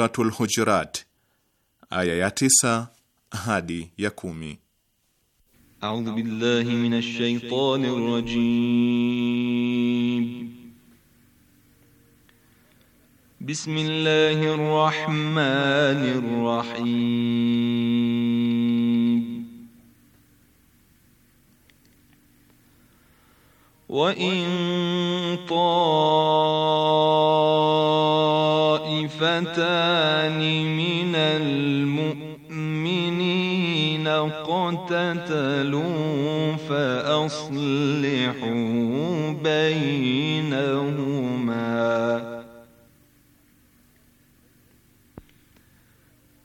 Suratul Hujurat aya ya tisa hadi ya kumi. A'udhu billahi minash shaitanir rajim. Bismillahir rahmanir اقتتلوا فأصلحوا بينهما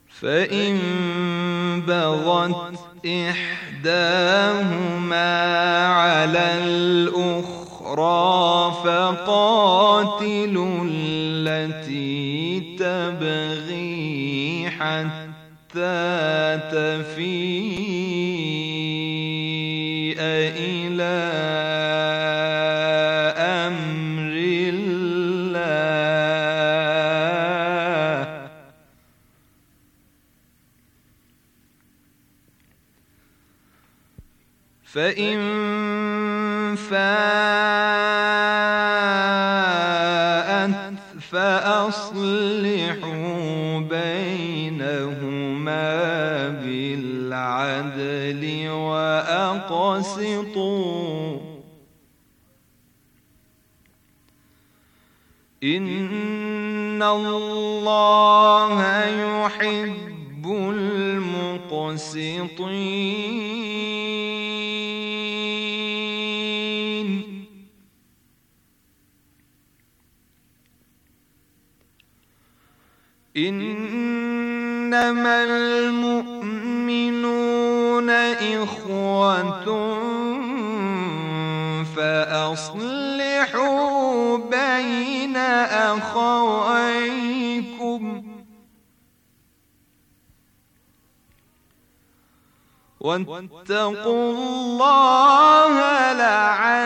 فإن بغت إحداهما على الأخرى فقاتلوا التي تبغي حتى تفيء فإن فاءت فأصلحوا بينهما بالعدل وأقسطوا إن الله يحب المقسطين إنما المؤمنون إخوة فأصلحوا بين أخويكم واتقوا الله لعلكم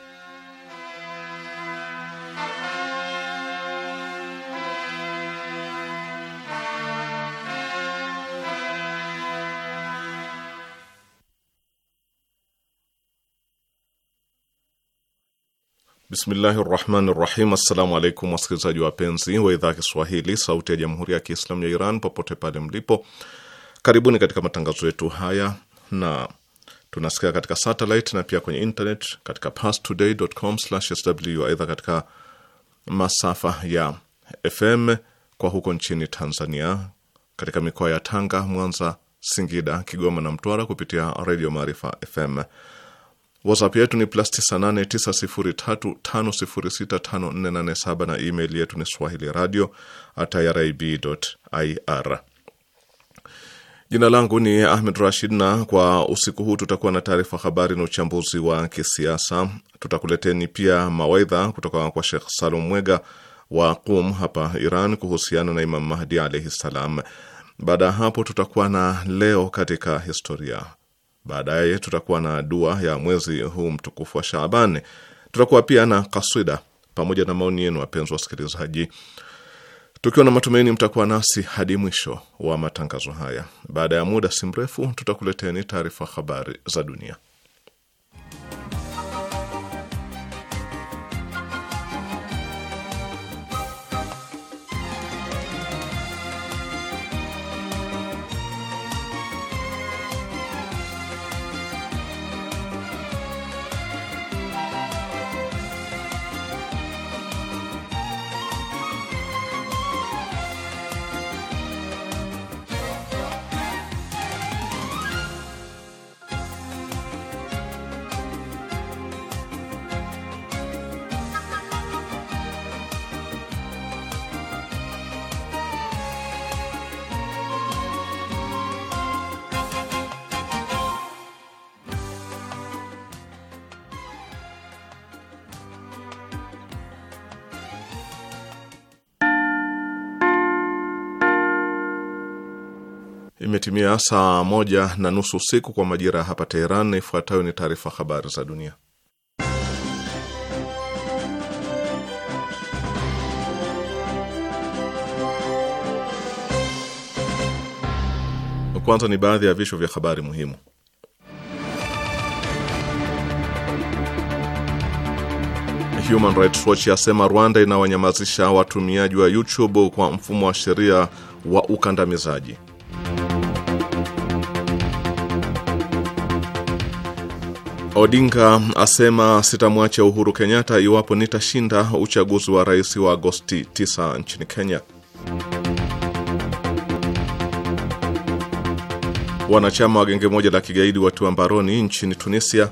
Bismillahi rahmani rahim. Assalamu alaikum wasikilizaji wapenzi wa idhaa ya Kiswahili sauti ya jamhuri ya Kiislamu ya Iran popote pale mlipo, karibuni katika matangazo yetu haya, na tunasikia katika satellite na pia kwenye internet katika pastoday.com/sw. Aidha, katika masafa ya FM kwa huko nchini Tanzania katika mikoa ya Tanga, Mwanza, Singida, Kigoma na Mtwara kupitia redio Maarifa FM WhatsApp yetu ni plus 989035065487 na email yetu ni swahili radio at irib.ir. Jina langu ni Ahmed Rashid, na kwa usiku huu tutakuwa na taarifa habari na uchambuzi wa kisiasa. Tutakuleteni pia mawaidha kutoka kwa Shekh Salum Mwega wa Qum hapa Iran kuhusiana na Imam Mahdi alaihi salam. Baada ya hapo, tutakuwa na leo katika historia Baadaye tutakuwa na dua ya mwezi huu mtukufu wa Shaaban. Tutakuwa pia na kaswida pamoja na maoni yenu, wapenzi wasikilizaji, tukiwa na matumaini mtakuwa nasi hadi mwisho wa matangazo haya. Baada ya muda si mrefu, tutakuleteni taarifa habari za dunia. Imetimia saa moja na nusu usiku kwa majira ya hapa Teheran, na ifuatayo ni taarifa habari za dunia. Kwanza ni baadhi ya vichwa vya habari muhimu. Human Rights Watch yasema Rwanda inawanyamazisha watumiaji wa YouTube kwa mfumo wa sheria wa ukandamizaji. Odinga asema sitamwacha Uhuru Kenyatta iwapo nitashinda uchaguzi wa rais wa Agosti 9 nchini Kenya. Wanachama wa genge moja la kigaidi watiwa mbaroni nchini Tunisia.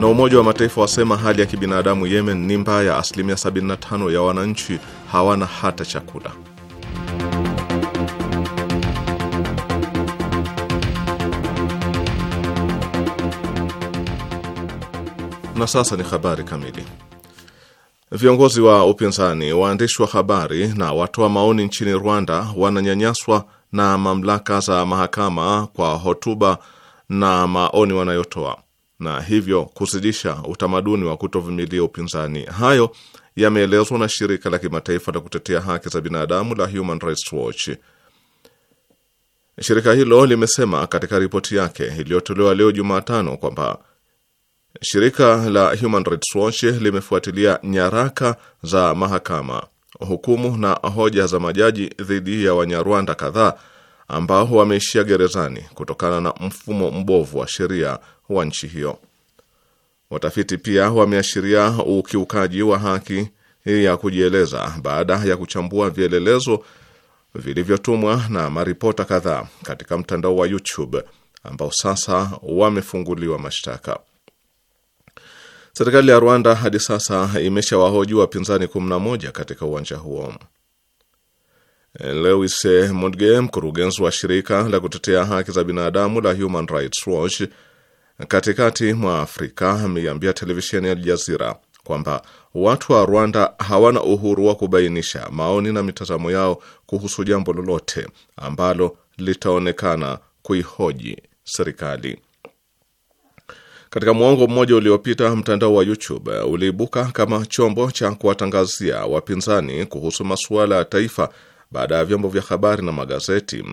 Na Umoja wa Mataifa wasema hali ya kibinadamu Yemen ni mbaya, asilimia 75 ya wananchi hawana hata chakula. Na sasa ni habari kamili. Viongozi wa upinzani, waandishi wa habari na watoa maoni nchini Rwanda wananyanyaswa na mamlaka za mahakama kwa hotuba na maoni wanayotoa na hivyo kuzidisha utamaduni wa kutovumilia upinzani. Hayo yameelezwa na shirika la kimataifa la kutetea haki za binadamu la Human Rights Watch. Shirika hilo limesema katika ripoti yake iliyotolewa leo Jumatano kwamba Shirika la Human Rights Watch limefuatilia nyaraka za mahakama, hukumu na hoja za majaji dhidi ya Wanyarwanda kadhaa ambao wameishia gerezani kutokana na mfumo mbovu wa sheria wa nchi hiyo. Watafiti pia wameashiria ukiukaji wa haki ya kujieleza baada ya kuchambua vielelezo vilivyotumwa na maripota kadhaa katika mtandao wa YouTube ambao sasa wamefunguliwa mashtaka. Serikali ya Rwanda hadi sasa imeshawahoji wapinzani 11 katika uwanja huo. Lewis Mudge, mkurugenzi wa shirika la kutetea haki za binadamu la Human Rights Watch katikati mwa Afrika, ameiambia televisheni ya Aljazira kwamba watu wa Rwanda hawana uhuru wa kubainisha maoni na mitazamo yao kuhusu jambo lolote ambalo litaonekana kuihoji serikali. Katika mwongo mmoja uliopita, mtandao wa YouTube uliibuka kama chombo cha kuwatangazia wapinzani kuhusu masuala ya taifa baada ya vyombo vya habari na magazeti,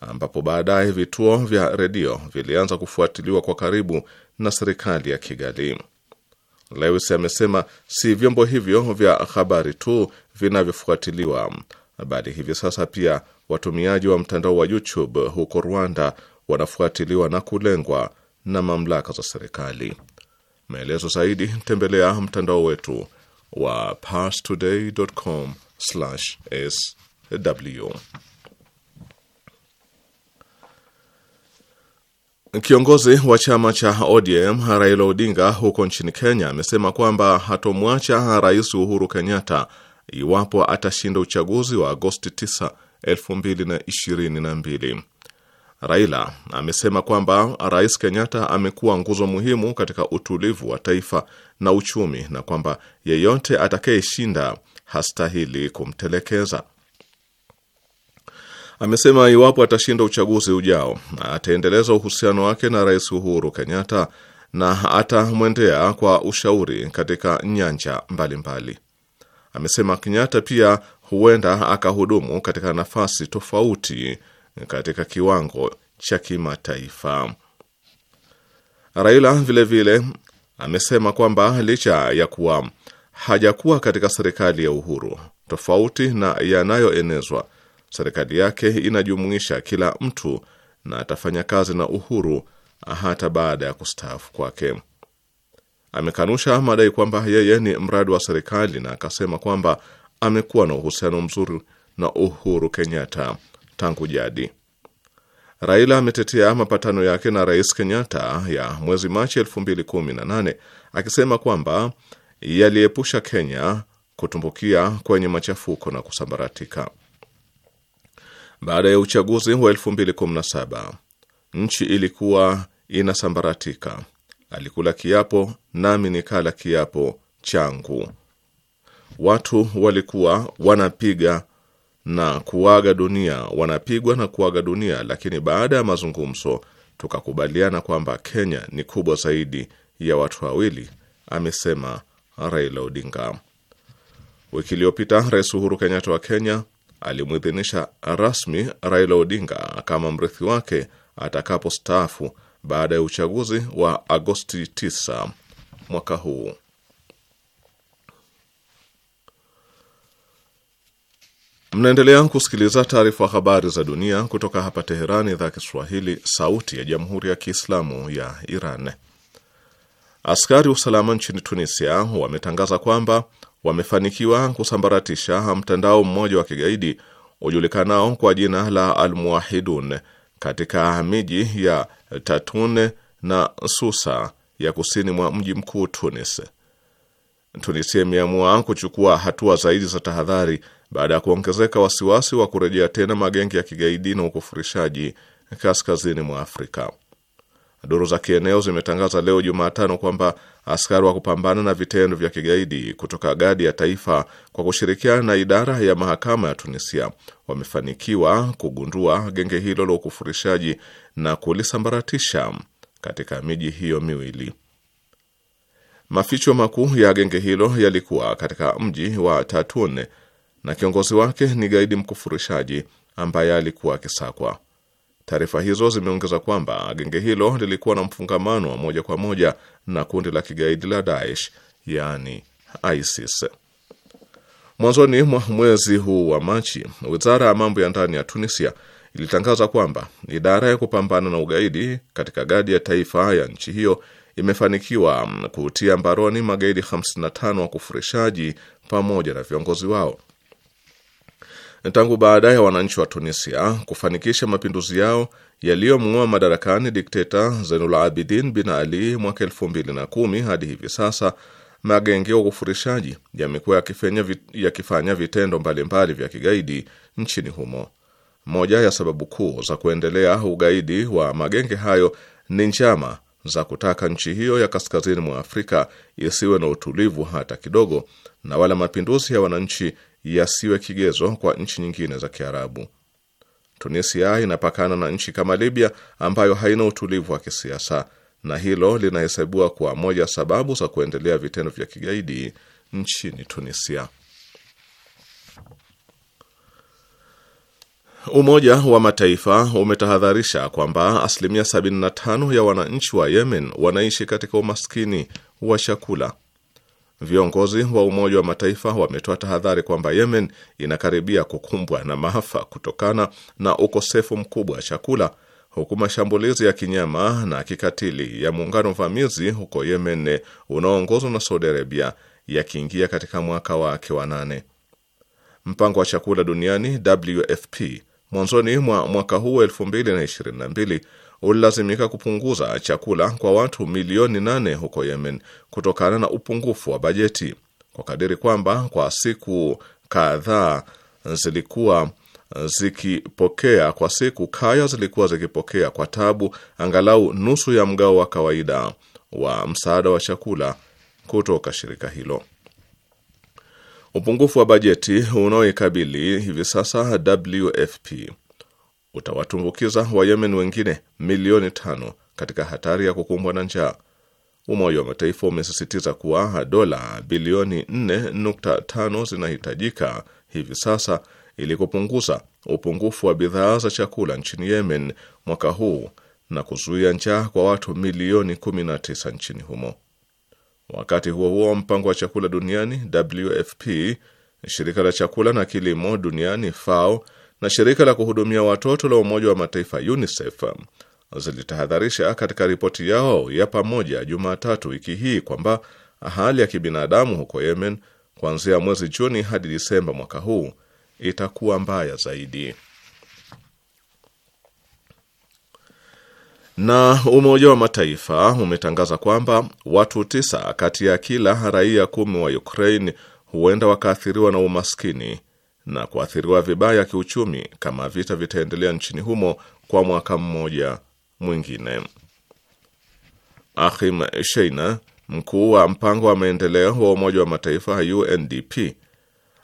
ambapo baadaye vituo vya redio vilianza kufuatiliwa kwa karibu na serikali ya Kigali. Lewis amesema si vyombo hivyo vya habari tu vinavyofuatiliwa, bali hivi sasa pia watumiaji wa mtandao wa YouTube huko Rwanda wanafuatiliwa na kulengwa na mamlaka za serikali. Maelezo zaidi tembelea mtandao wetu wa parstoday.com/sw. Kiongozi wa chama cha ODM Raila Odinga huko nchini Kenya amesema kwamba hatomwacha Rais Uhuru Kenyatta iwapo atashinda uchaguzi wa Agosti 9, 2022. Raila amesema kwamba Rais Kenyatta amekuwa nguzo muhimu katika utulivu wa taifa na uchumi na kwamba yeyote atakayeshinda hastahili kumtelekeza. Amesema iwapo atashinda uchaguzi ujao, ataendeleza uhusiano wake na Rais Uhuru Kenyatta na atamwendea kwa ushauri katika nyanja mbalimbali Amesema Kenyatta pia huenda akahudumu katika nafasi tofauti katika kiwango cha kimataifa. Raila vilevile vile amesema kwamba licha ya kuwa hajakuwa katika serikali ya uhuru, tofauti na yanayoenezwa, serikali yake inajumuisha kila mtu na atafanya kazi na uhuru hata baada ya kustaafu kwake. Amekanusha madai kwamba yeye ni mradi wa serikali na akasema kwamba amekuwa na uhusiano mzuri na Uhuru Kenyatta tangu jadi. Raila ametetea mapatano yake na Rais Kenyatta ya mwezi Machi 2018 akisema kwamba yaliepusha Kenya kutumbukia kwenye machafuko na kusambaratika. Baada ya uchaguzi wa 2017 nchi ilikuwa inasambaratika. Alikula kiapo nami nikala kiapo changu. Watu walikuwa wanapiga na kuaga dunia wanapigwa na kuaga dunia, lakini baada ya mazungumzo tukakubaliana kwamba Kenya ni kubwa zaidi ya watu wawili, amesema Raila Odinga. Wiki iliyopita Rais Uhuru Kenyatta wa Kenya alimwidhinisha rasmi Raila Odinga kama mrithi wake atakapostaafu baada ya uchaguzi wa Agosti 9 mwaka huu. Mnaendelea kusikiliza taarifa habari za dunia kutoka hapa Teherani, idhaa Kiswahili, sauti ya jamhuri ya kiislamu ya Iran. Askari usalama nchini Tunisia wametangaza kwamba wamefanikiwa kusambaratisha mtandao mmoja wa kigaidi ujulikanao kwa jina la Almuwahidun katika miji ya Tatun na Susa ya kusini mwa mji mkuu Tunis. Tunisia imeamua kuchukua hatua zaidi za tahadhari baada ya kuongezeka wasiwasi wa kurejea tena magenge ya kigaidi na ukufurishaji kaskazini mwa Afrika. Duru za kieneo zimetangaza leo Jumatano kwamba askari wa kupambana na vitendo vya kigaidi kutoka Gadi ya Taifa kwa kushirikiana na idara ya mahakama ya Tunisia wamefanikiwa kugundua genge hilo la ukufurishaji na kulisambaratisha katika miji hiyo miwili. Maficho makuu ya genge hilo yalikuwa katika mji wa Tatune na kiongozi wake ni gaidi mkufurishaji ambaye alikuwa akisakwa. Taarifa hizo zimeongeza kwamba genge hilo lilikuwa na mfungamano wa moja kwa moja na kundi la kigaidi la Daesh, yani ISIS. Mwanzoni mwa mwezi huu wa Machi, wizara ya mambo ya ndani ya Tunisia ilitangaza kwamba idara ya kupambana na ugaidi katika gadi ya taifa ya nchi hiyo imefanikiwa kutia mbaroni magaidi 55 wa kufurishaji pamoja na viongozi wao tangu baada ya wananchi wa Tunisia kufanikisha mapinduzi yao yaliyomng'oa madarakani dikteta Zainul Abidin bin Ali mwaka elfu mbili na kumi hadi hivi sasa magenge ya ukufurishaji yamekuwa yakifanya vitendo mbalimbali mbali vya kigaidi nchini humo. Moja ya sababu kuu za kuendelea ugaidi wa magenge hayo ni njama za kutaka nchi hiyo ya kaskazini mwa Afrika isiwe na utulivu hata kidogo, na wala mapinduzi ya wananchi yasiwe kigezo kwa nchi nyingine za Kiarabu. Tunisia inapakana na nchi kama Libya ambayo haina utulivu wa kisiasa, na hilo linahesabiwa kuwa moja sababu za kuendelea vitendo vya kigaidi nchini Tunisia. Umoja wa Mataifa umetahadharisha kwamba asilimia 75 ya wananchi wa Yemen wanaishi katika umaskini wa chakula Viongozi wa Umoja wa Mataifa wametoa tahadhari kwamba Yemen inakaribia kukumbwa na maafa kutokana na ukosefu mkubwa wa chakula, huku mashambulizi ya kinyama na kikatili ya muungano vamizi huko Yemen unaoongozwa na Saudi Arabia yakiingia katika mwaka wake wa nane. Mpango wa chakula duniani WFP mwanzoni mwa mwaka huu ulilazimika kupunguza chakula kwa watu milioni nane huko Yemen kutokana na upungufu wa bajeti, kwa kadiri kwamba kwa siku kadhaa zilikuwa zikipokea kwa siku kaya zilikuwa zikipokea kwa tabu angalau nusu ya mgao wa kawaida wa msaada wa chakula kutoka shirika hilo. Upungufu wa bajeti unaoikabili hivi sasa WFP utawatumbukiza Wayemen wengine milioni tano katika hatari ya kukumbwa na njaa. Umoja wa Mataifa umesisitiza kuwa dola bilioni 4.5 zinahitajika hivi sasa ili kupunguza upungufu wa bidhaa za chakula nchini Yemen mwaka huu na kuzuia njaa kwa watu milioni 19 nchini humo. Wakati huo huo, mpango wa chakula duniani WFP, shirika la chakula na kilimo duniani FAO na shirika la kuhudumia watoto la Umoja wa Mataifa UNICEF zilitahadharisha katika ripoti yao ya pamoja Jumatatu wiki hii kwamba hali ya kibinadamu huko Yemen kuanzia mwezi Juni hadi Disemba mwaka huu itakuwa mbaya zaidi. Na Umoja wa Mataifa umetangaza kwamba watu tisa kati ya kila raia kumi wa Ukraine huenda wakaathiriwa na umaskini na kuathiriwa vibaya kiuchumi kama vita vitaendelea nchini humo kwa mwaka mmoja mwingine. Akhim Sheina, mkuu wa mpango wa maendeleo wa Umoja wa Mataifa UNDP,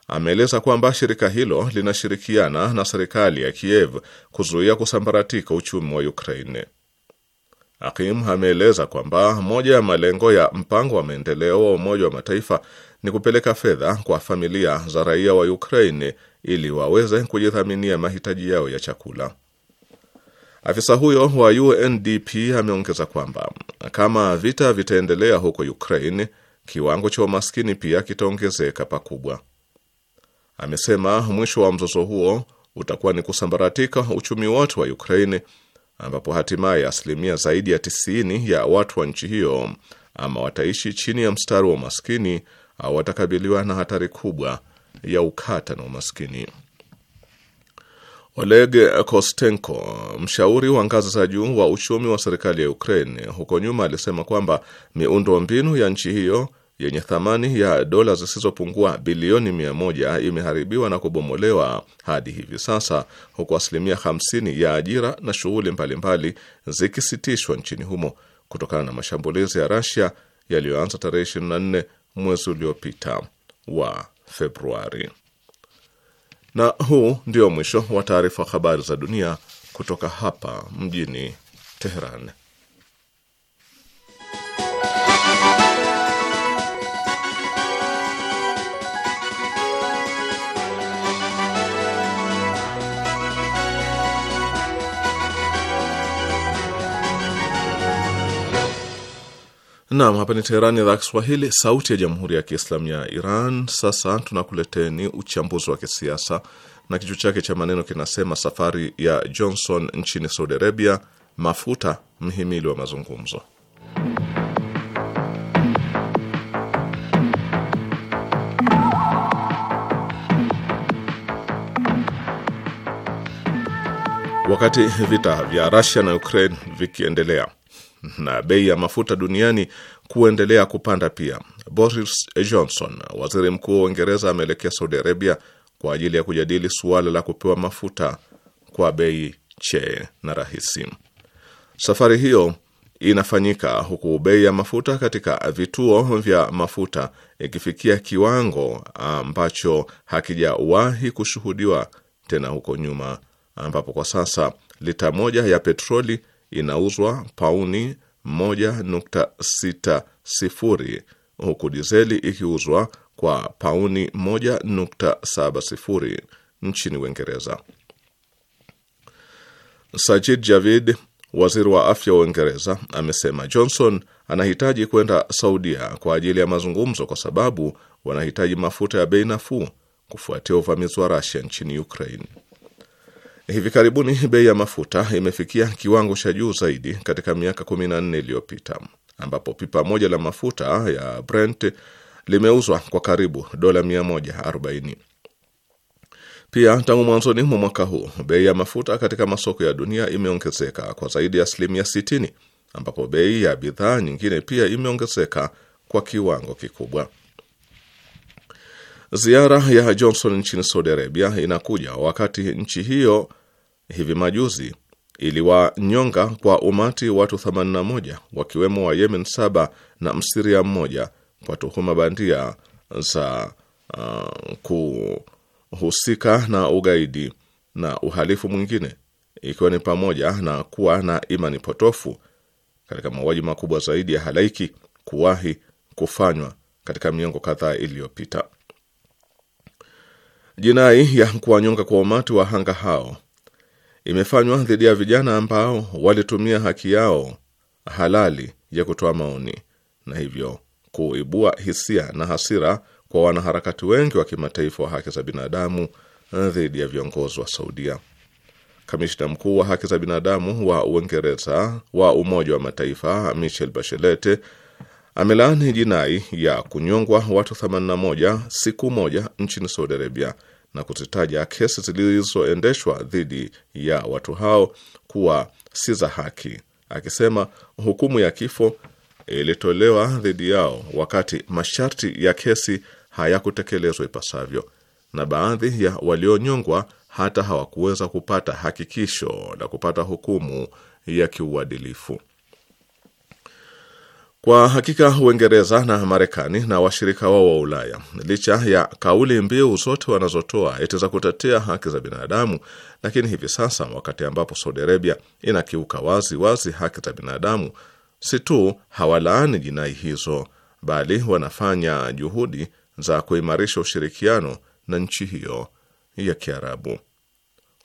ameeleza kwamba shirika hilo linashirikiana na serikali ya Kiev kuzuia kusambaratika uchumi wa Ukraine. Akim ameeleza kwamba moja ya malengo ya mpango wa maendeleo wa Umoja wa Mataifa ni kupeleka fedha kwa familia za raia wa Ukraine ili waweze kujithaminia mahitaji yao ya chakula. Afisa huyo wa UNDP ameongeza kwamba kama vita vitaendelea huko Ukraine, kiwango cha umaskini pia kitaongezeka pakubwa. Amesema mwisho wa mzozo huo utakuwa ni kusambaratika uchumi wote wa Ukraine, ambapo hatimaye asilimia zaidi ya 90 ya watu wa nchi hiyo ama wataishi chini ya mstari wa umaskini au watakabiliwa na hatari kubwa ya ukata na umaskini. Oleg Kostenko, mshauri wa ngazi za juu wa uchumi wa serikali ya Ukraine, huko nyuma alisema kwamba miundo mbinu ya nchi hiyo yenye thamani ya dola zisizopungua bilioni mia moja imeharibiwa na kubomolewa hadi hivi sasa, huku asilimia 50 ya ajira na shughuli mbalimbali zikisitishwa nchini humo kutokana na mashambulizi ya Russia yaliyoanza tarehe 24 mwezi uliopita wa Februari. Na huu ndio mwisho wa taarifa habari za dunia kutoka hapa mjini Teheran. Naam, hapa ni Teherani, idhaa Kiswahili, sauti ya jamhuri ya kiislamu ya Iran. Sasa tunakuleteni uchambuzi wa kisiasa na kichwa chake cha maneno kinasema: safari ya Johnson nchini Saudi Arabia, mafuta mhimili wa mazungumzo. Wakati vita vya rusia na Ukraine vikiendelea na bei ya mafuta duniani kuendelea kupanda pia. Boris Johnson, waziri mkuu wa Uingereza, ameelekea Saudi Arabia kwa ajili ya kujadili suala la kupewa mafuta kwa bei chee na rahisi. Safari hiyo inafanyika huku bei ya mafuta katika vituo vya mafuta ikifikia kiwango ambacho hakijawahi kushuhudiwa tena huko nyuma, ambapo kwa sasa lita moja ya petroli inauzwa pauni 1.60 huku dizeli ikiuzwa kwa pauni 1.70 nchini Uingereza. Sajid Javid, waziri wa afya wa Uingereza, amesema Johnson anahitaji kwenda Saudia kwa ajili ya mazungumzo kwa sababu wanahitaji mafuta ya bei nafuu kufuatia uvamizi wa Rusia nchini Ukraine. Hivi karibuni bei ya mafuta imefikia kiwango cha juu zaidi katika miaka 14 iliyopita, ambapo pipa moja la mafuta ya Brent limeuzwa kwa karibu dola 140. Pia tangu mwanzoni mwa mwaka huu bei ya mafuta katika masoko ya dunia imeongezeka kwa zaidi ya asilimia 60, ambapo bei ya bidhaa nyingine pia imeongezeka kwa kiwango kikubwa. Ziara ya Johnson nchini Saudi Arabia inakuja wakati nchi hiyo hivi majuzi iliwanyonga kwa umati watu 81 wakiwemo wa Yemen saba na Msiria mmoja kwa tuhuma bandia za uh, kuhusika na ugaidi na uhalifu mwingine ikiwa ni pamoja na kuwa na imani potofu katika mauaji makubwa zaidi ya halaiki kuwahi kufanywa katika miongo kadhaa iliyopita. Jinai ya kuwanyonga kwa umati wa hanga hao imefanywa dhidi ya vijana ambao walitumia haki yao halali ya kutoa maoni na hivyo kuibua hisia na hasira kwa wanaharakati wengi wa kimataifa wa haki za binadamu eh, dhidi ya viongozi wa Saudia. Kamishna mkuu wa haki za binadamu wa Uingereza wa Umoja wa Mataifa michel Bachelet amelaani jinai ya kunyongwa watu 81 siku moja nchini Saudi Arabia na kuzitaja kesi zilizoendeshwa dhidi ya watu hao kuwa si za haki, akisema hukumu ya kifo ilitolewa dhidi yao wakati masharti ya kesi hayakutekelezwa ipasavyo, na baadhi ya walionyongwa hata hawakuweza kupata hakikisho la kupata hukumu ya kiuadilifu. Kwa hakika Uingereza na Marekani na washirika wao wa Ulaya, licha ya kauli mbiu zote wanazotoa eti za kutetea haki za binadamu, lakini hivi sasa, wakati ambapo Saudi Arabia inakiuka wazi wazi haki za binadamu, si tu hawalaani jinai hizo, bali wanafanya juhudi za kuimarisha ushirikiano na nchi hiyo ya Kiarabu.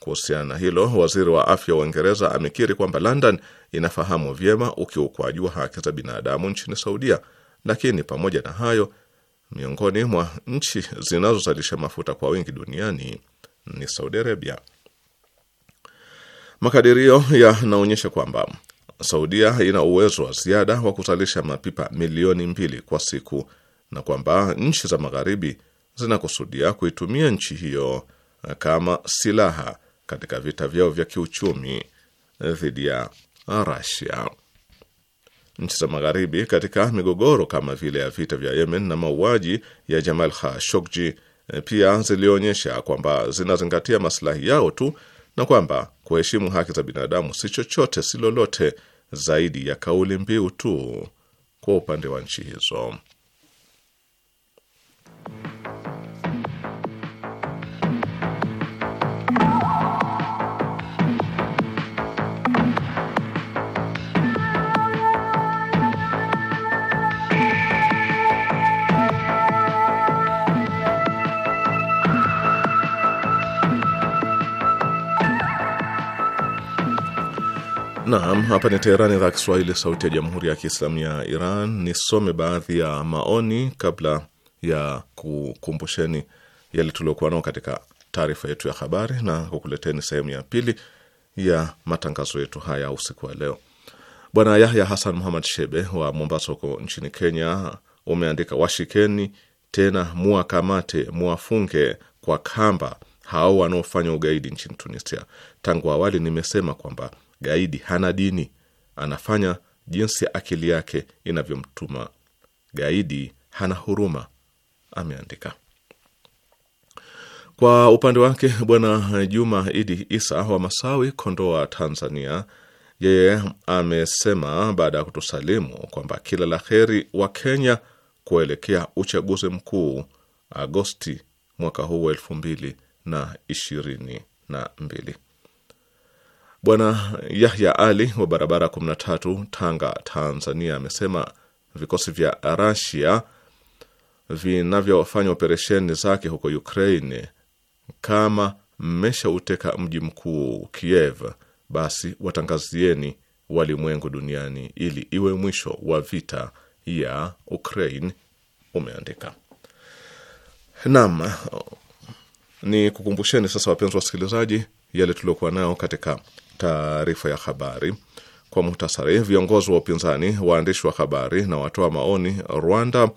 Kuhusiana na hilo, waziri wa afya wa Uingereza amekiri kwamba London inafahamu vyema ukiukwaji wa haki za binadamu nchini Saudia, lakini pamoja na hayo, miongoni mwa nchi zinazozalisha mafuta kwa wingi duniani ni Saudi Arabia. Makadirio yanaonyesha kwamba Saudia ina uwezo wa ziada wa kuzalisha mapipa milioni mbili kwa siku na kwamba nchi za magharibi zinakusudia kuitumia nchi hiyo kama silaha katika vita vyao vya kiuchumi eh, dhidi ya Rasia. Nchi za Magharibi katika migogoro kama vile ya vita vya Yemen na mauaji ya Jamal Khashoggi eh, pia zilionyesha kwamba zinazingatia masilahi yao tu na kwamba kuheshimu haki za binadamu si chochote si lolote zaidi ya kauli mbiu tu kwa upande wa nchi hizo. Naam, hapa ni Teherani, idhaa Kiswahili, sauti ya jamhuri ya kiislamu ya Iran. Nisome baadhi ya maoni kabla ya kukumbusheni yale tuliokuwa nao katika taarifa yetu ya habari na kukuleteni sehemu ya pili ya matangazo yetu haya usiku wa leo. Bwana Yahya Hasan Muhamad Shebe wa Mombasa huko nchini Kenya umeandika, washikeni tena, muwakamate, muwafunge kwa kamba hao wanaofanya ugaidi nchini Tunisia. Tangu awali nimesema kwamba Gaidi hana dini, anafanya jinsi akili yake inavyomtuma. Gaidi hana huruma, ameandika. Kwa upande wake Bwana Juma Idi Isa wa Masawi, Kondoa, Tanzania, yeye amesema baada ya kutusalimu kwamba kila la heri wa Kenya kuelekea uchaguzi mkuu Agosti mwaka huu wa elfu mbili na ishirini na mbili. Bwana Yahya Ali wa barabara 13 Tanga, Tanzania, amesema vikosi vya Rasia vinavyofanya operesheni zake huko Ukraine, kama mmeshauteka mji mkuu Kiev, basi watangazieni walimwengu duniani ili iwe mwisho wa vita ya Ukraine, umeandika. Naam, ni kukumbusheni sasa, wapenzi wasikilizaji, yale tuliokuwa nayo katika taarifa ya habari. Kwa muhtasari, viongozi wa upinzani, waandishi wa habari na watoa maoni Rwanda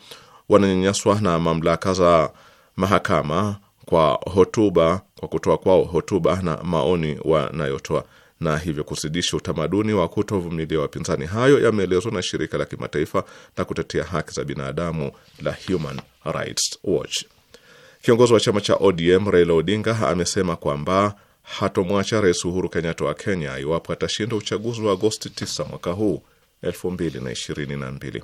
wananyanyaswa na mamlaka za mahakama kwa hotuba, kwa kutoa kwao hotuba na maoni wanayotoa na hivyo kuzidisha utamaduni wa kutovumilia wapinzani. Hayo yameelezwa na shirika la kimataifa la kutetea haki za binadamu la Human Rights Watch. Kiongozi wa chama cha ODM Raila Odinga amesema kwamba hatomwacha Rais Uhuru Kenyatta wa Kenya iwapo atashinda uchaguzi wa Agosti 9 mwaka huu 2022.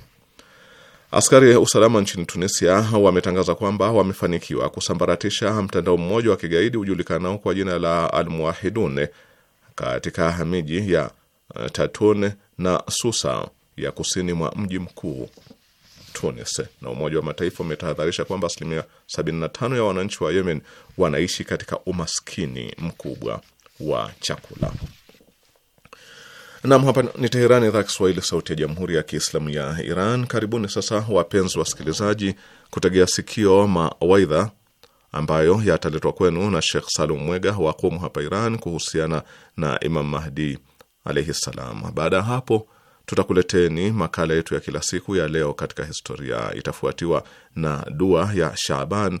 Askari usalama nchini Tunisia wametangaza kwamba wamefanikiwa kusambaratisha mtandao mmoja wa kigaidi ujulikanao kwa jina la Almuahidun katika miji ya eh, Tatun na Susa ya kusini mwa mji mkuu Tunis. Na Umoja wa Mataifa umetahadharisha kwamba asilimia 75 ya wananchi wa Yemen wanaishi katika umaskini mkubwa wa chakula. Nam, hapa ni teheran idhaa Kiswahili, sauti ya jamhuri ya kiislamu ya Iran. Karibuni sasa wapenzi wasikilizaji, kutegea sikio mawaidha ambayo yataletwa kwenu na Shekh Salum Mwega wa Qumu hapa Iran kuhusiana na Imam Mahdi alaihi ssalam. Baada ya hapo, tutakuleteni makala yetu ya kila siku ya leo katika historia, itafuatiwa na dua ya Shaban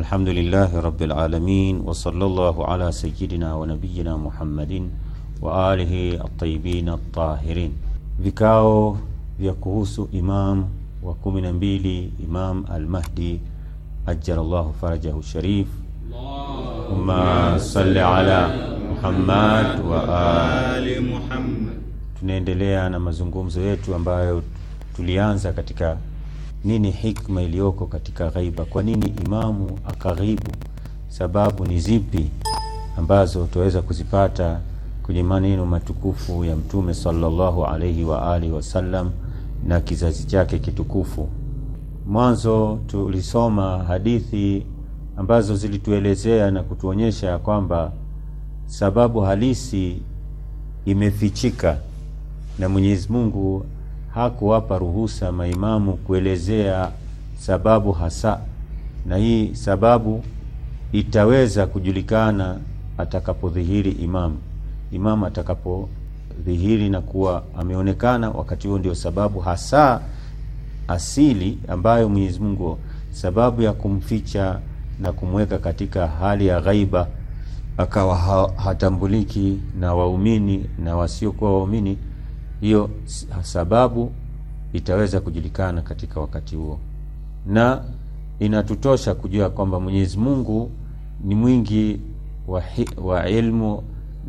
الحمد لله رب العالمين وصلى الله على سيدنا ونبينا Muhammadin wa alihi Vikao vya kuhusu imam wa kumi na mbili Imam almahdi mahdi llah farajahu sharif, ala Muhammad Muhammad. Tunaendelea na mazungumzo yetu ambayo tulianza katika nini hikma iliyoko katika ghaiba? Kwa nini imamu akaribu Sababu ni zipi ambazo tunaweza kuzipata kwenye maneno matukufu ya Mtume sallallahu alaihi wa alihi wasallam na kizazi chake kitukufu. Mwanzo tulisoma hadithi ambazo zilituelezea na kutuonyesha kwamba sababu halisi imefichika na Mwenyezi Mungu hakuwapa ruhusa maimamu kuelezea sababu hasa, na hii sababu itaweza kujulikana atakapodhihiri imamu. Imamu atakapodhihiri na kuwa ameonekana, wakati huo ndio sababu hasa asili ambayo Mwenyezi Mungu sababu ya kumficha na kumweka katika hali ya ghaiba akawa hatambuliki na waumini na wasiokuwa waumini hiyo sababu itaweza kujulikana katika wakati huo, na inatutosha kujua kwamba Mwenyezi Mungu ni mwingi wa, hi, wa ilmu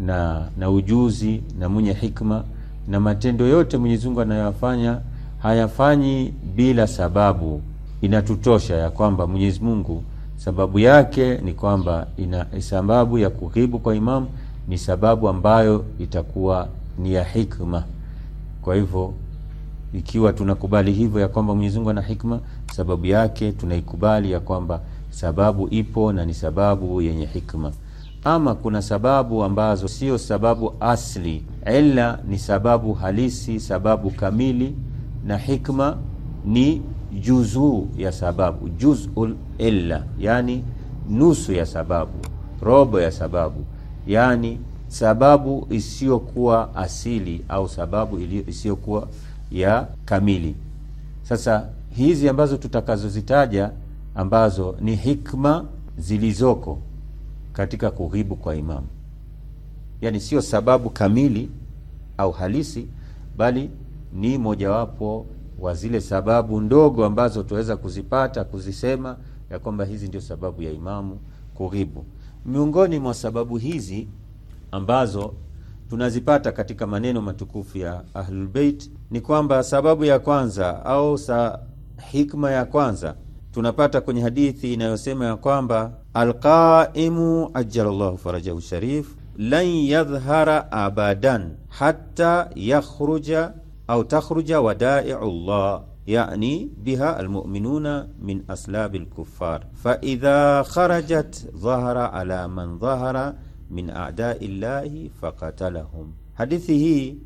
na, na ujuzi na mwenye hikma, na matendo yote Mwenyezi Mungu anayoyafanya hayafanyi bila sababu. Inatutosha ya kwamba Mwenyezi Mungu sababu yake ni kwamba ina sababu ya kughibu kwa imamu ni sababu ambayo itakuwa ni ya hikma. Kwa hivyo ikiwa tunakubali hivyo ya kwamba Mwenyezi Mungu ana hikma, sababu yake tunaikubali ya kwamba sababu ipo na ni sababu yenye hikma. Ama kuna sababu ambazo sio sababu asli, ila ni sababu halisi, sababu kamili, na hikma ni juzuu ya sababu, juzul illa, yani nusu ya sababu, robo ya sababu, yani sababu isiyokuwa asili au sababu isiyokuwa ya kamili. Sasa hizi ambazo tutakazozitaja ambazo ni hikma zilizoko katika kughibu kwa imamu, yaani sio sababu kamili au halisi, bali ni mojawapo wa zile sababu ndogo ambazo tunaweza kuzipata kuzisema ya kwamba hizi ndio sababu ya imamu kughibu. Miongoni mwa sababu hizi ambazo tunazipata katika maneno matukufu ya Ahlulbeit ni kwamba sababu ya kwanza au sa hikma ya kwanza tunapata kwenye hadithi inayosema ya kwamba alqaimu ajalallahu farajahu sharif lan yadhhara abadan hatta yakhruja au takhruja wadaiu llah yani biha almuminuna min aslabi lkuffar faidha kharajat dhahara ala man dhahara min a'dai llahi faqatalahum. Hadithi hii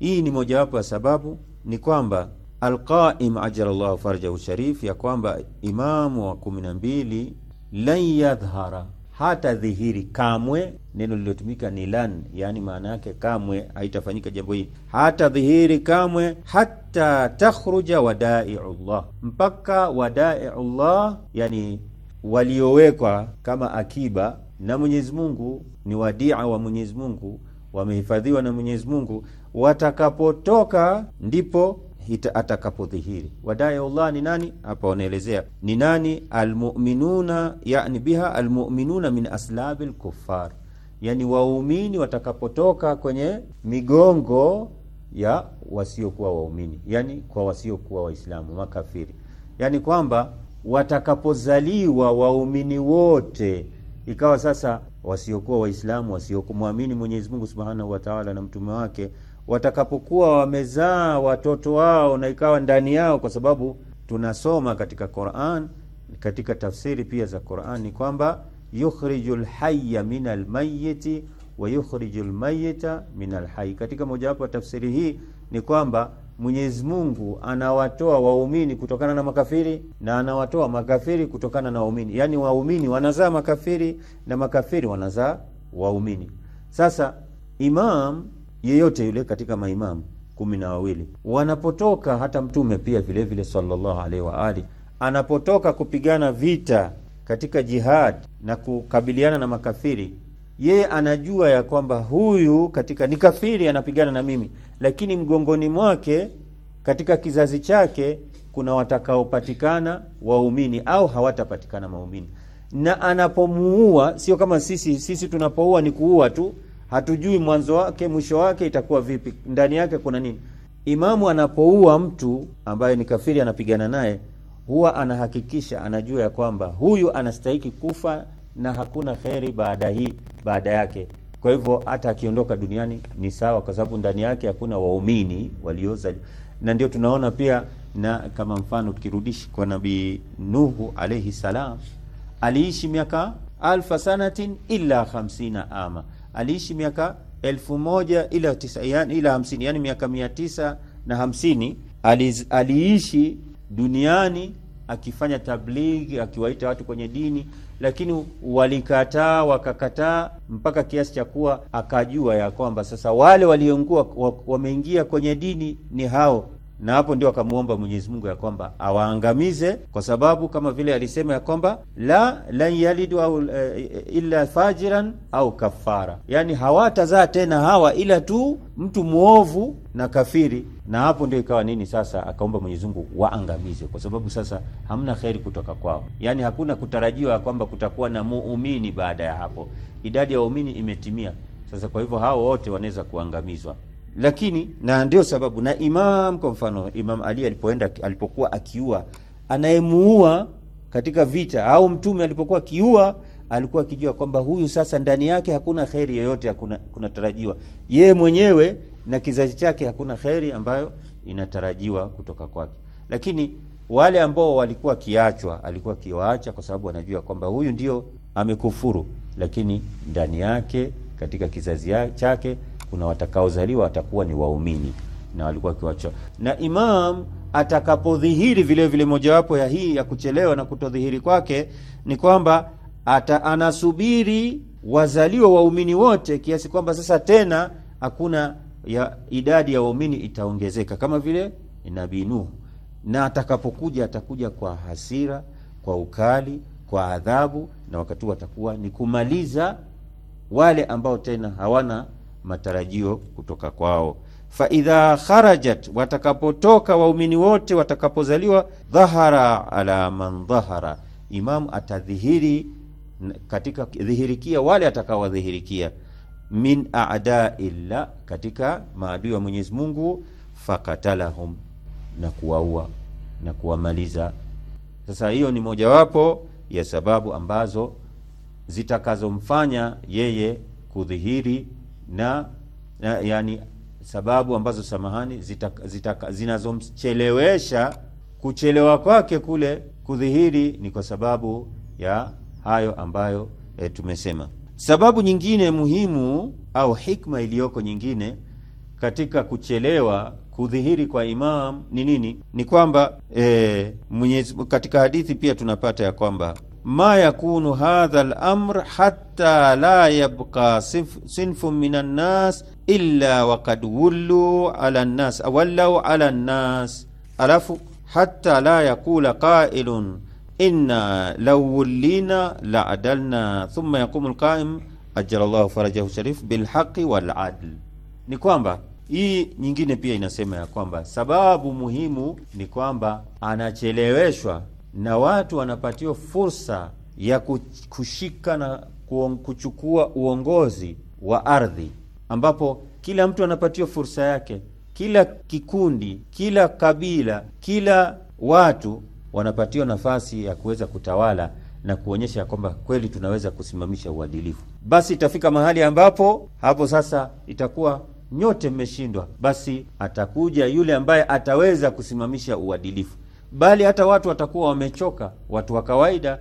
hii ni mojawapo ya sababu ni kwamba Alqaim ajalallahu farjahu sharif, ya kwamba imamu wa kumi na mbili lan yadhhara, hata dhihiri kamwe. Neno lililotumika ni lan, yani maana yake kamwe haitafanyika jambo hili, hata dhihiri kamwe, hata takhruja wadaiullah, mpaka llah yani waliowekwa kama akiba na Mwenyezi Mungu ni wadia wa Mwenyezi Mungu, wamehifadhiwa na Mwenyezi Mungu, watakapotoka ndipo atakapodhihiri. Wadai Allah ni nani? Hapa wanaelezea ni nani. Almuminuna yani biha almuminuna min aslabi lkufar, yani waumini watakapotoka kwenye migongo ya wasiokuwa waumini, yani kwa wasiokuwa Waislamu, makafiri, yani kwamba watakapozaliwa waumini wote Ikawa sasa wasiokuwa Waislamu, wasiokumwamini Mwenyezi Mungu subhanahu wa taala na mtume wake, watakapokuwa wamezaa watoto wao, na ikawa ndani yao, kwa sababu tunasoma katika Qur'an, katika tafsiri pia za Qur'an ni kwamba yukhriju lhaya min almayiti wa yukhriju lmayita min alhai Katika mojawapo ya tafsiri hii ni kwamba Mwenyezi Mungu anawatoa waumini kutokana na makafiri na anawatoa makafiri kutokana na waumini, yaani waumini wanazaa makafiri na makafiri wanazaa waumini. Sasa imam yeyote yule katika maimamu kumi na wawili wanapotoka, hata mtume pia vile vile sallallahu alaihi wa ali anapotoka kupigana vita katika jihad na kukabiliana na makafiri, yeye anajua ya kwamba huyu katika ni kafiri, anapigana na mimi lakini mgongoni mwake katika kizazi chake kuna watakaopatikana waumini au hawatapatikana maumini. Na anapomuua sio kama sisi, sisi tunapoua ni kuua tu, hatujui mwanzo wake mwisho wake itakuwa vipi, ndani yake kuna nini. Imamu anapoua mtu ambaye ni kafiri, anapigana naye, huwa anahakikisha anajua ya kwamba huyu anastahiki kufa na hakuna kheri baada hii baada yake. Kwa hivyo hata akiondoka duniani ni sawa, kwa sababu ndani yake hakuna waumini walioza, na ndio tunaona pia na kama mfano tukirudisha kwa Nabii Nuhu alayhi salam, aliishi miaka alfa sanatin ila hamsina ama, aliishi miaka elfu moja ila tisa, yani, ila hamsini, yani miaka mia tisa na hamsini aliishi duniani akifanya tablighi, akiwaita watu kwenye dini, lakini walikataa, wakakataa mpaka kiasi cha kuwa akajua ya kwamba sasa wale waliongua wameingia kwenye dini ni hao na hapo ndio akamwomba Mwenyezi Mungu ya kwamba awaangamize, kwa sababu kama vile alisema ya kwamba la lan yalidu au e, illa fajiran au kafara, yani hawatazaa tena hawa ila tu mtu mwovu na kafiri. Na hapo ndio ikawa nini sasa, akaomba Mwenyezi Mungu waangamize, kwa sababu sasa hamna kheri kutoka kwao, yani hakuna kutarajiwa ya kwamba kutakuwa na muumini baada ya hapo. Idadi ya waumini imetimia sasa, kwa hivyo hao wote wanaweza kuangamizwa lakini na ndio sababu na Imam kwa mfano, Imam Ali alipoenda alipokuwa akiua, anayemuua katika vita au mtume alipokuwa akiua, alikuwa akijua kwamba huyu sasa ndani yake hakuna kheri yoyote hakuna kunatarajiwa yeye mwenyewe na kizazi chake, hakuna kheri ambayo inatarajiwa kutoka kwake. Lakini wale ambao walikuwa kiachwa, alikuwa akiwaacha kwa sababu anajua kwamba huyu ndio amekufuru, lakini ndani yake katika kizazi chake kuna watakaozaliwa watakuwa ni waumini na walikuwa kiwacho na imam atakapodhihiri vile vile, mojawapo ya hii ya kuchelewa na kutodhihiri kwake ni kwamba ata anasubiri wazaliwa waumini wote, kiasi kwamba sasa tena hakuna ya idadi ya waumini itaongezeka kama vile Nabii Nuhu. Na atakapokuja atakuja kwa hasira, kwa ukali, kwa adhabu, na wakati huu atakuwa ni kumaliza wale ambao tena hawana matarajio kutoka kwao. Fa idha kharajat, watakapotoka waumini wote watakapozaliwa, dhahara ala man dhahara, imamu atadhihiri katika dhihirikia wale atakawadhihirikia, min illa, katika maadui wa Mwenyezi Mungu, fakatalahum, na kuwaua na kuwamaliza. Sasa hiyo ni mojawapo ya sababu ambazo zitakazomfanya yeye kudhihiri na, na yani sababu ambazo samahani zinazomchelewesha kuchelewa kwake kule kudhihiri ni kwa sababu ya hayo ambayo e, tumesema. Sababu nyingine muhimu au hikma iliyoko nyingine katika kuchelewa kudhihiri kwa imam ni nini? Ni kwamba e, mwenyezi, katika hadithi pia tunapata ya kwamba ما يكون هذا الأمر حتى لا يبقى صنف من الناس إلا وقد ولوا على الناس ولوا على الناس ألفوا حتى لا يقول قائل إنا لو ولينا لعدلنا ثم يقوم القائم أجل الله فرجه الشريف بالحق والعدل ni kwamba hii nyingine pia inasema ya kwamba sababu muhimu ni kwamba anacheleweshwa na watu wanapatiwa fursa ya kushika na kuchukua uongozi wa ardhi, ambapo kila mtu anapatiwa fursa yake, kila kikundi, kila kabila, kila watu wanapatiwa nafasi ya kuweza kutawala na kuonyesha kwamba kweli tunaweza kusimamisha uadilifu. Basi itafika mahali ambapo hapo sasa itakuwa nyote mmeshindwa, basi atakuja yule ambaye ataweza kusimamisha uadilifu bali hata watu watakuwa wamechoka, watu wa kawaida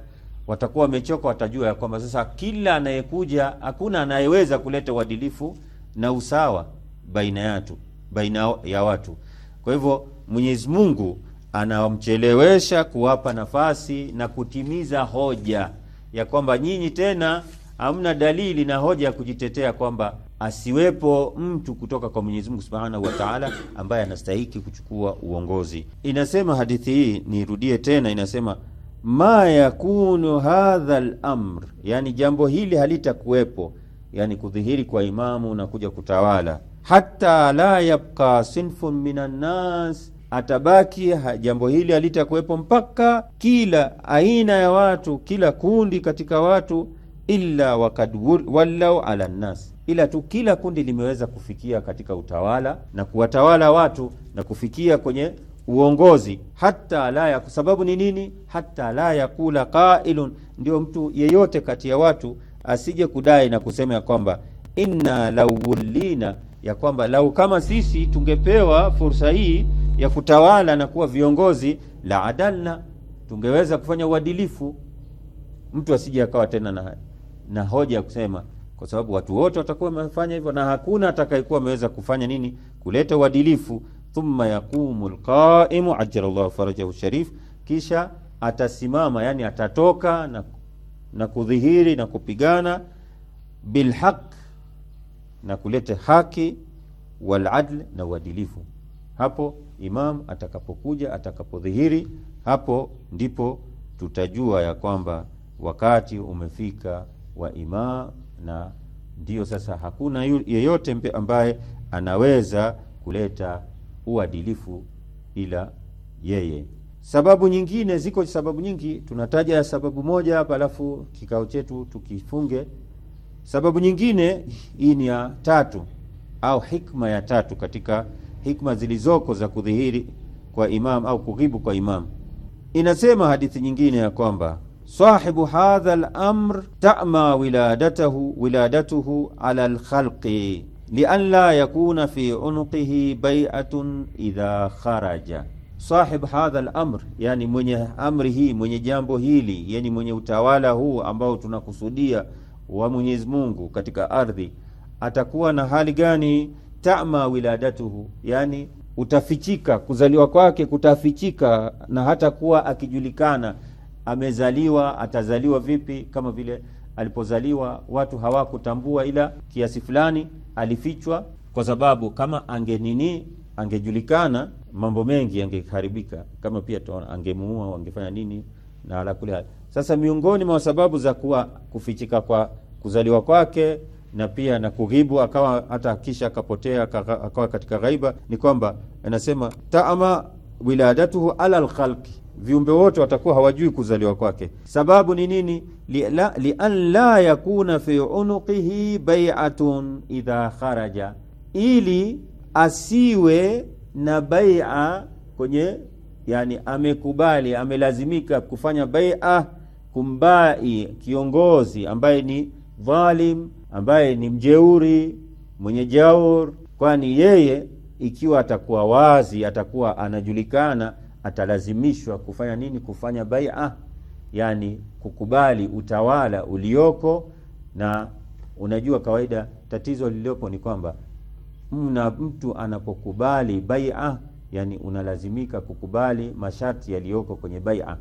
watakuwa wamechoka, watajua ya kwamba sasa kila anayekuja hakuna anayeweza kuleta uadilifu na usawa baina yatu, baina ya watu. Kwa hivyo Mwenyezi Mungu anamchelewesha kuwapa nafasi na kutimiza hoja ya kwamba nyinyi tena hamna dalili na hoja ya kujitetea kwamba asiwepo mtu kutoka kwa Mwenyezi Mungu Subhanahu wa Ta'ala ambaye anastahiki kuchukua uongozi. Inasema hadithi hii, nirudie tena, inasema ma yakunu hadha al-amr, yani jambo hili halitakuwepo, yani kudhihiri kwa imamu na kuja kutawala, hatta la yabqa sinfun minan nas atabaki jambo hili halitakuwepo mpaka kila aina ya watu, kila kundi katika watu, illa wakad wallau ala nnas ila tu kila kundi limeweza kufikia katika utawala na kuwatawala watu na kufikia kwenye uongozi hata la ya. Sababu ni nini? Hata la yakula qailun, ndio mtu yeyote kati ya watu asije kudai na kusema ya kwamba inna lawulina, ya kwamba lau kama sisi tungepewa fursa hii ya kutawala na kuwa viongozi, la adalna, tungeweza kufanya uadilifu. Mtu asije akawa tena na, na hoja ya kusema kwa sababu watu wote watakuwa wamefanya hivyo na hakuna atakayekuwa ameweza kufanya nini, kuleta uadilifu. Thumma yaqumu alqaimu ajjalallahu farajahu sharif, kisha atasimama, yani atatoka na, na kudhihiri na kupigana bilhaq, na kuleta haki waladl, na uadilifu. Hapo imam atakapokuja, atakapodhihiri, hapo ndipo tutajua ya kwamba wakati umefika wa imam na ndiyo sasa hakuna yeyote ambaye anaweza kuleta uadilifu ila yeye. Sababu nyingine ziko, sababu nyingi, tunataja sababu moja hapa, alafu kikao chetu tukifunge. Sababu nyingine hii ni ya tatu au hikma ya tatu katika hikma zilizoko za kudhihiri kwa imam au kughibu kwa imam. Inasema hadithi nyingine ya kwamba sahibu hadha al ta'ma wiladatuhu wiladatuhu ala al-khalqi lian la yakuna fi unqihi bai'atun idha kharaja sahib hadha lamr amr yani mwenye amri hii, mwenye jambo hili, yani mwenye utawala huu ambao tunakusudia wa Mwenyezi Mungu katika ardhi, atakuwa na hali gani? Tama wiladatuhu, yani utafichika kuzaliwa kwake, kutafichika na hata kuwa akijulikana amezaliwa, atazaliwa vipi? Kama vile alipozaliwa watu hawakutambua, ila kiasi fulani alifichwa, kwa sababu kama angenini angejulikana mambo mengi yangeharibika, kama pia angemuua, angefanya nini na ala kule Sasa miongoni mwa sababu za kuwa kufichika kwa kuzaliwa kwake na pia na kughibu akawa hata kisha akapotea akawa katika ghaiba, ni kwamba anasema taama wiladatuhu ala lkhalki viumbe wote watakuwa hawajui kuzaliwa kwake. Sababu ni nini? Lian li la yakuna fi unuqihi bai'atun idha kharaja, ili asiwe na bai'a kwenye, yani amekubali, amelazimika kufanya bai'a kumbai kiongozi ambaye ni dhalim, ambaye ni mjeuri, mwenye jaur, kwani yeye ikiwa atakuwa wazi, atakuwa anajulikana atalazimishwa kufanya nini? Kufanya baia, yani kukubali utawala ulioko. Na unajua kawaida tatizo lililopo ni kwamba mna mtu anapokubali baia, yani unalazimika kukubali masharti yaliyoko kwenye baia.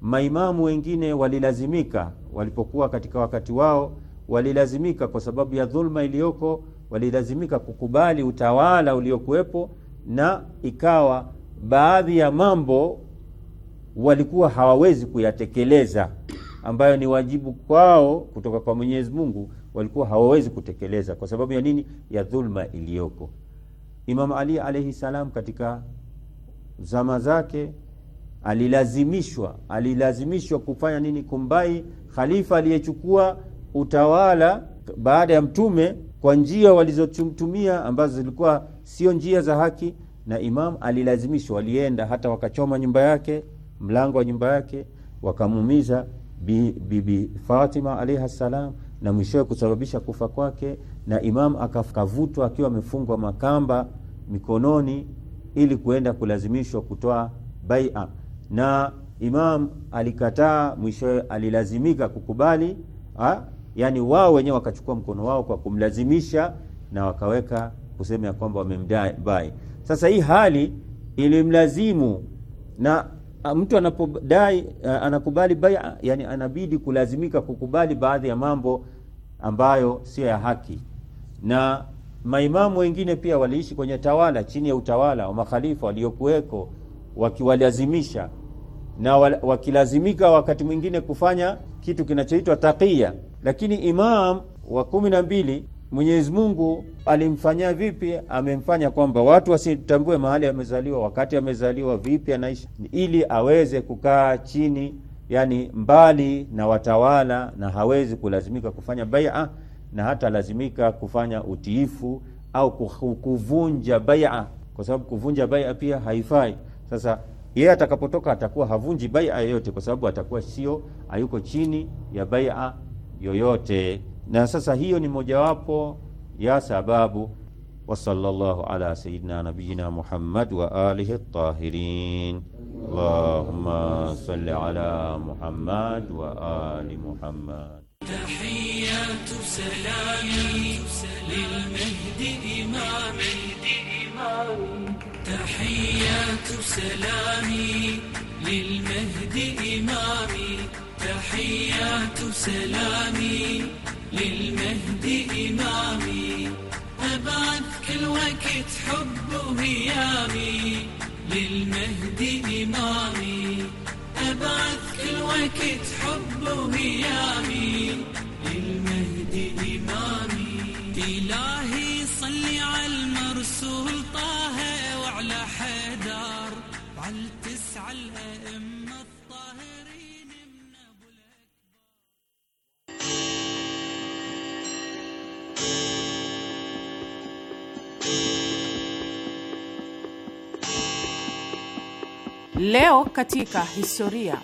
Maimamu wengine walilazimika walipokuwa katika wakati wao, walilazimika kwa sababu ya dhulma iliyoko, walilazimika kukubali utawala uliokuwepo na ikawa baadhi ya mambo walikuwa hawawezi kuyatekeleza, ambayo ni wajibu kwao kutoka kwa Mwenyezi Mungu, walikuwa hawawezi kutekeleza kwa sababu ya nini? Ya dhulma iliyoko. Imam Ali alayhi salam katika zama zake alilazimishwa alilazimishwa kufanya nini? Kumbai khalifa aliyechukua utawala baada ya mtume kwa njia walizotumia ambazo zilikuwa sio njia za haki na Imam alilazimishwa, walienda hata wakachoma nyumba yake, mlango wa nyumba yake, wakamumiza Bibi bi Fatima alaihi salam, na mwishowe kusababisha kufa kwake, na Imam akavutwa akiwa amefungwa makamba mikononi ili kuenda kulazimishwa kutoa baia, na Imam alikataa, mwishowe alilazimika kukubali ha? Yani wao wenyewe wakachukua mkono wao kwa kumlazimisha, na wakaweka kusema ya kwamba wamemdai bai sasa hii hali ilimlazimu na ah, mtu anapodai ah, anakubali bai, yani anabidi kulazimika kukubali baadhi ya mambo ambayo sio ya haki. Na maimamu wengine pia waliishi kwenye tawala, chini ya utawala wa makhalifa waliokuweko, wakiwalazimisha na wakilazimika wakati mwingine kufanya kitu kinachoitwa taqiya, lakini imam wa kumi na mbili Mwenyezi Mungu alimfanyia vipi? Amemfanya kwamba watu wasitambue mahali amezaliwa, wakati amezaliwa, vipi anaishi, ili aweze kukaa chini, yani mbali na watawala, na hawezi kulazimika kufanya baia na hata lazimika kufanya utiifu au kuvunja baia, kwa sababu kuvunja baia pia haifai. Sasa yeye atakapotoka atakuwa havunji baia yoyote, kwa sababu atakuwa sio, hayuko chini ya baia yoyote. na sasa hiyo ni mojawapo ya sababu. Wa sallallahu ala sayyidina nabiyina Muhammad wa alihi tahirin. Allahumma salli ala Muhammad wa ali Muhammad. salami lil سلامي imam إمامي salami lil للمهد imam تحيات salami للمهدي إمامي أبعث كل وقت حب وهيامي للمهدي إمامي أبعث كل وقت حب وهيامي للمهدي إمامي إلهي صلي على المرسول طه وعلى حدار وعلى التسعة الأئمة Leo katika historia.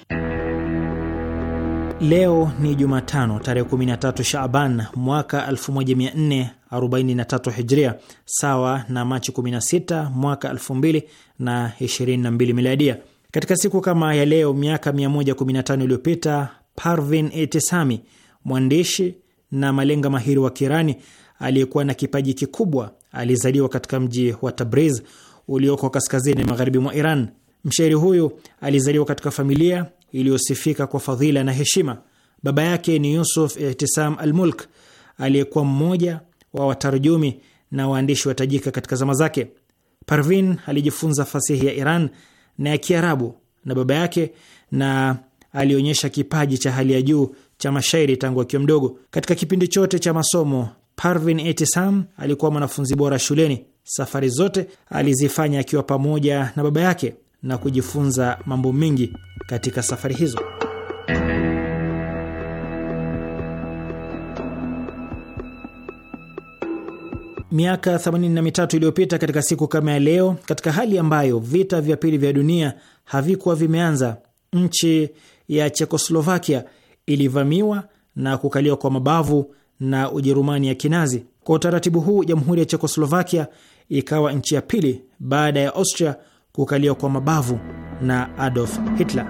Leo ni Jumatano tarehe 13 Shaban mwaka 1443 Hijria, sawa na Machi 16 mwaka 2022 Miladia. Katika siku kama ya leo miaka 115 iliyopita, Parvin Etesami, mwandishi na malenga mahiri wa Kirani aliyekuwa na kipaji kikubwa, alizaliwa katika mji wa Tabriz ulioko kaskazini magharibi mwa Iran. Mshairi huyu alizaliwa katika familia iliyosifika kwa fadhila na heshima. Baba yake ni Yusuf Ihtisam Almulk aliyekuwa mmoja wa watarjumi na waandishi wa tajika katika zama zake. Parvin alijifunza fasihi ya Iran na ya Kiarabu na baba yake na alionyesha kipaji cha hali ya juu cha mashairi tangu akiwa mdogo. Katika kipindi chote cha masomo, Parvin Etisam alikuwa mwanafunzi bora shuleni. Safari zote alizifanya akiwa pamoja na baba yake na kujifunza mambo mengi katika safari hizo. Miaka 83 iliyopita katika siku kama ya leo, katika hali ambayo vita vya pili vya dunia havikuwa vimeanza, nchi ya Chekoslovakia ilivamiwa na kukaliwa kwa mabavu na Ujerumani ya Kinazi. Kwa utaratibu huu, jamhuri ya Chekoslovakia ikawa nchi ya pili baada ya Austria kukaliwa kwa mabavu na Adolf Hitler.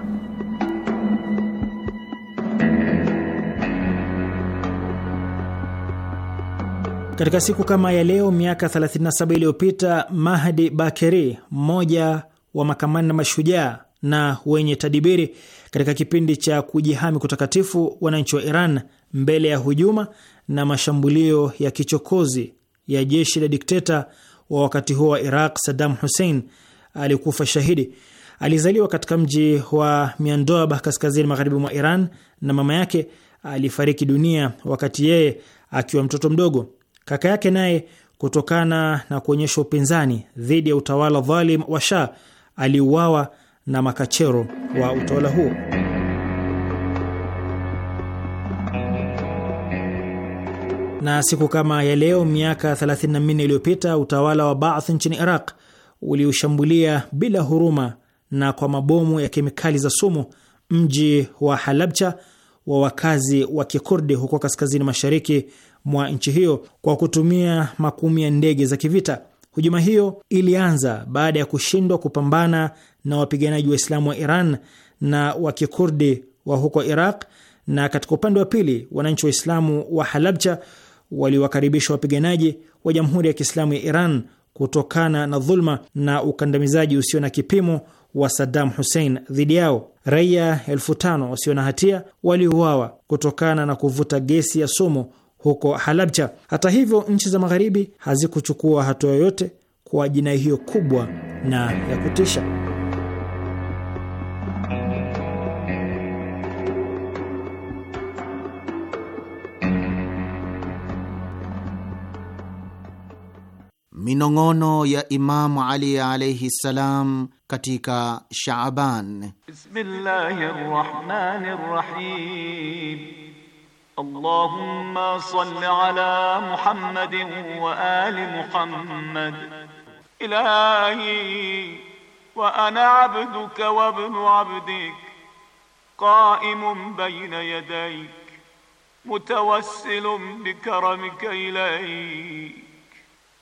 Katika siku kama ya leo miaka 37 iliyopita, Mahdi Bakeri, mmoja wa makamanda mashujaa na wenye tadibiri katika kipindi cha kujihami kutakatifu wananchi wa Iran mbele ya hujuma na mashambulio ya kichokozi ya jeshi la dikteta wa wakati huo wa Iraq Saddam Hussein alikufa shahidi. Alizaliwa katika mji wa Miandoab kaskazini magharibi mwa Iran na mama yake alifariki dunia wakati yeye akiwa mtoto mdogo. Kaka yake naye, kutokana na kuonyesha upinzani dhidi ya utawala dhalim wa Shah, aliuawa na makachero wa utawala huo. Na siku kama ya leo miaka 34 iliyopita utawala wa Baath nchini Iraq ulioshambulia bila huruma na kwa mabomu ya kemikali za sumu mji wa Halabja wa wakazi wa Kikurdi huko kaskazini mashariki mwa nchi hiyo kwa kutumia makumi ya ndege za kivita. Hujuma hiyo ilianza baada ya kushindwa kupambana na wapiganaji Waislamu wa Iran na wa Kikurdi wa huko Iraq, na katika upande wa pili wananchi Waislamu wa Halabja waliwakaribisha wapiganaji wa Jamhuri ya Kiislamu ya Iran kutokana na dhuluma na ukandamizaji usio na kipimo wa Saddam Hussein dhidi yao. Raia elfu tano wasio na hatia waliuawa kutokana na kuvuta gesi ya sumu huko Halabja. Hata hivyo, nchi za magharibi hazikuchukua hatua yoyote kwa jinai hiyo kubwa na ya kutisha. minong'ono ya Imamu Ali alaihi ssalam katika Shaaban. Bismillahi rahmani rahim. Allahumma salli ala Muhammadin wa ali Muhammad. Ilahi wa ana abduka wa ibnu abdik qaimun bayna yadayk mutawassilun bikaramika ilayk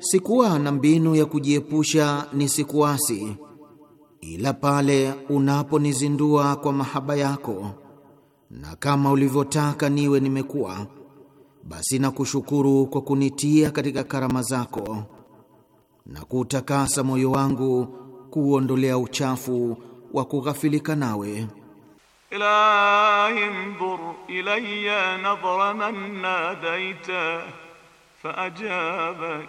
Sikuwa na mbinu ya kujiepusha nisikuasi, ila pale unaponizindua kwa mahaba yako, na kama ulivyotaka niwe nimekuwa, basi nakushukuru kwa kunitia katika karama zako na kuutakasa moyo wangu kuuondolea uchafu wa kughafilika nawe. Ilahi mdhur ilayya nadhra man nadaita faajabak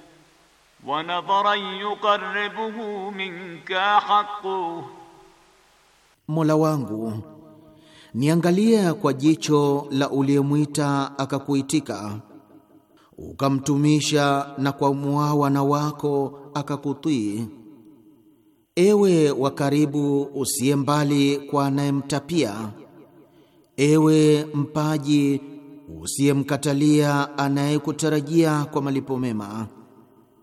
wanadhara yuqarribuhu minka haqqu, Mola wangu niangalia kwa jicho la uliyemwita akakuitika, ukamtumisha na kwa muawana wako akakutii, ewe wa karibu usiye mbali kwa anayemtapia, ewe mpaji usiyemkatalia anayekutarajia kwa malipo mema.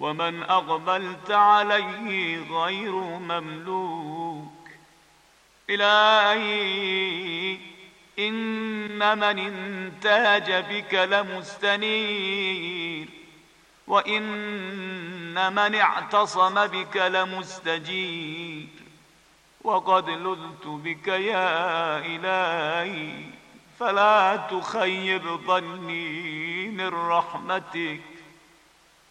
ومن أقبلت عليه غير مملوك إلهي إن من انتهج بك لمستنير وإن من اعتصم بك لمستجير وقد لذت بك يا إلهي فلا تخيب ظني من رحمتك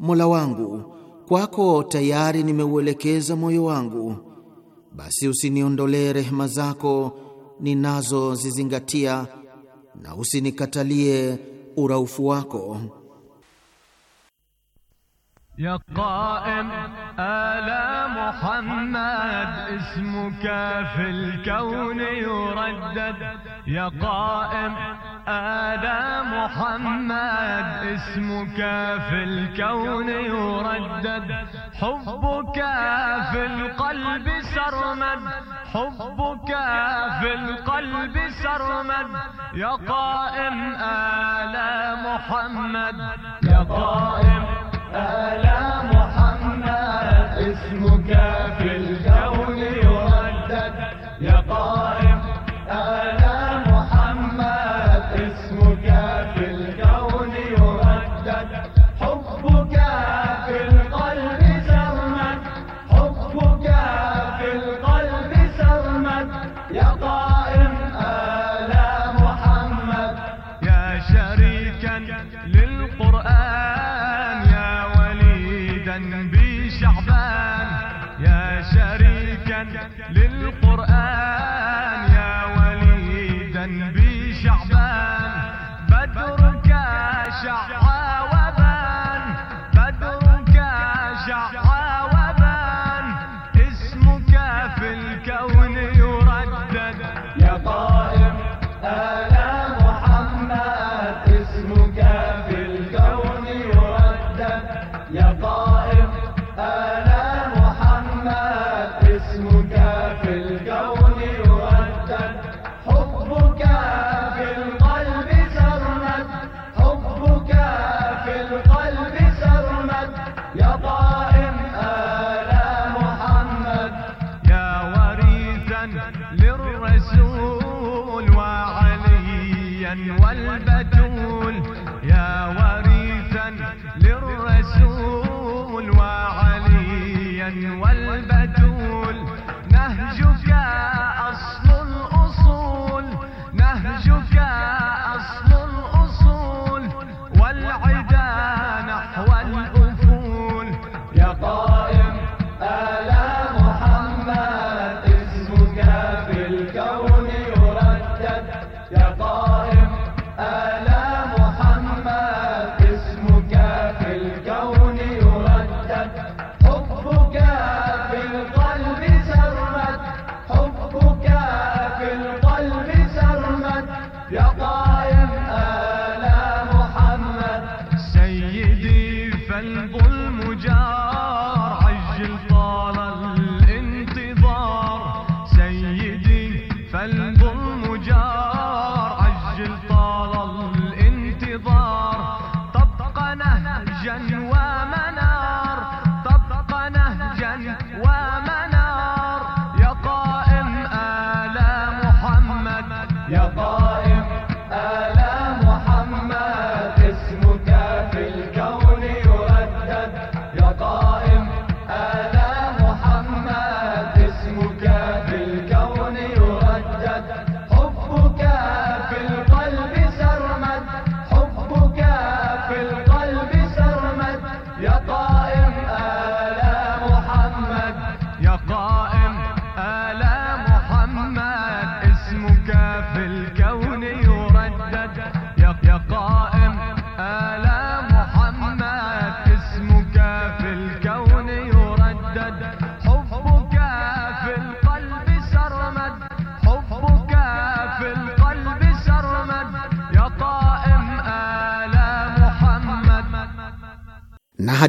Mola wangu, kwako tayari nimeuelekeza moyo wangu, basi usiniondolee rehema zako ninazozizingatia na usinikatalie uraufu wako. Ya qaim ala Muhammad ismuka fil kauni yuraddad ya qaim هذا محمد اسمك في الكون يردد حبك في القلب سرمد حبك في القلب سرمد يا قائم آل محمد يا قائم آل محمد اسمك في الكون يردد يا قائم